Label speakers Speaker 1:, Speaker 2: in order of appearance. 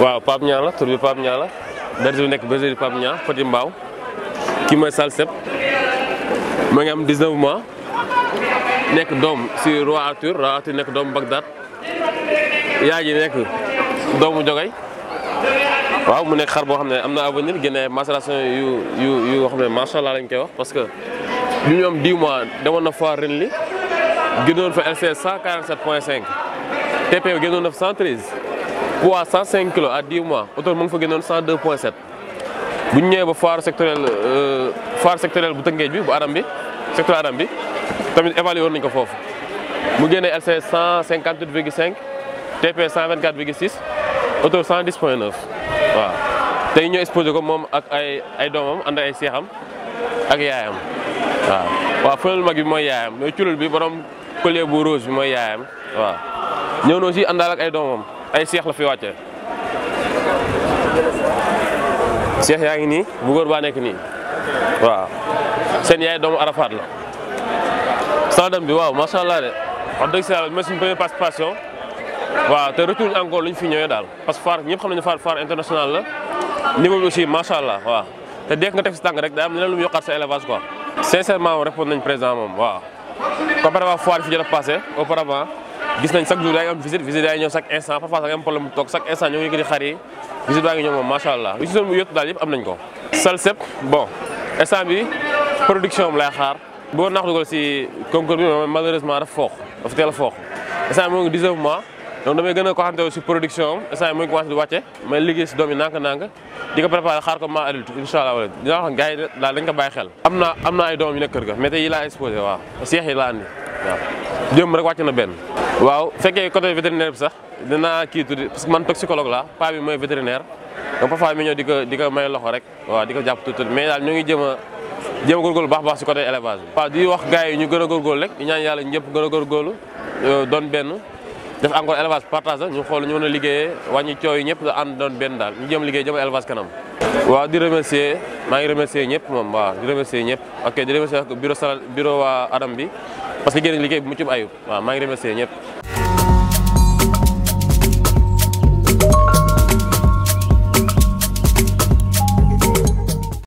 Speaker 1: waaw Pape ñaa la tur bi Pape Niang la bergerie bi nekk bergerie Pape Niang Petit Mbao kii mooy Salsep ma ngi am 19 mois nekk doom si roi Arthur roi Arthur nekk doom Bagdad yaay ji nekk mu Jogay waaw mu nekk xar boo xam ne am na avenir génne macération yu yu yu xam ne macha allah lañ koy wax parce que bi ñu am 10 mois demoon na fois ren li génnoon fa LCS 147.5 TP génnoon na fa 113. poids 105 kilos à 10 mois oto mu ngi fa génnoon 102.7 bu ñu ñëwee ba foire sectorielle euh, foire sectorielle bu Tëngéej bi bu Aram bi secteur Aram bi tamit évalué woon nañu ko foofu mu génnee LC 158 virgule 5 TP 124 virgule 6 oto 110.9 waaw tey ñoo exposé ko moom ak ay ay doomam ànd ay seexam ak yaayam waaw waaw fëlal mag bi mooy yaayam mais culul bi borom collier bu rose bi mooy yaayam waaw ñëw na aussi àndaal ak ay doomam. ay seex la fi wacce seex yaa ngi bu góor ba nek ni waaw sen yaay doomu Arafat la sadam bi waaw macha allah de on dëgg sa yàlla mooy suñu première participation waaw te retour encore luñ fi ñëwé ya, dal parce que foire xam nañu far eh. far internationale la ya? niveau aussi macha allah waaw te dekk nga def si tang rek da am lu mu yokkaat sa élevage quoi sincèrement répondre nañ président mom waaw comparé waa foire fi jëna a passé auparavant gis nañ sax du day am visite visite day ñëw sax instant parfois sax am problème tok sax instant ñoo ngi di xar yi visite baa ngi ñëw ma sha allah visite mu yott dal daal am nañ ko. Salsep bon instant bi production am lay xaar bu ma naax dugal ci concours bi malheureusement dafa foox dafa tel a instant mo ngi 19 mois donc damay gëna ko xanté ci production am instant mo ngi commencé di wacce may liggéey ci domi nank nank nànk di ko préparé xaar ko ma adulte incha allah wala dina wax gaay la lañ ko bàyyi xel. amna amna ay doom yu nekk kër ga mais tey yi laa exposé wa cheikh yi la andi dem rek wacce na ben waaw fekkee côté vétérinaire bi sax dina ki tuuti parce que man toxicologue la pa bi moy vétérinaire donc parfois mi ñëw diko diko may loxo rek waaw diko japp tout tout mais dal ñu ngi jëma jëma gorgol a góorgóorlu baax baax si côté élevage pa di wax gaay ñu gëna gorgol rek di ñaan yalla ñepp gëna a don euh, doon benn def encore élevage partage ñu xol ñu mëna liggéey wañu cioy ñepp yi ñëpp da ànd doon benn daal ñu jëm liggéey jëm élevage kanam. waaw di remercier ma ngi remercier ñepp mom waaw di remercier ñepp ok di remercier bureau bureau wa Adam bi parce que jëriñ liggéey bu mucc ayib waaw maa ngi remercier ñëpp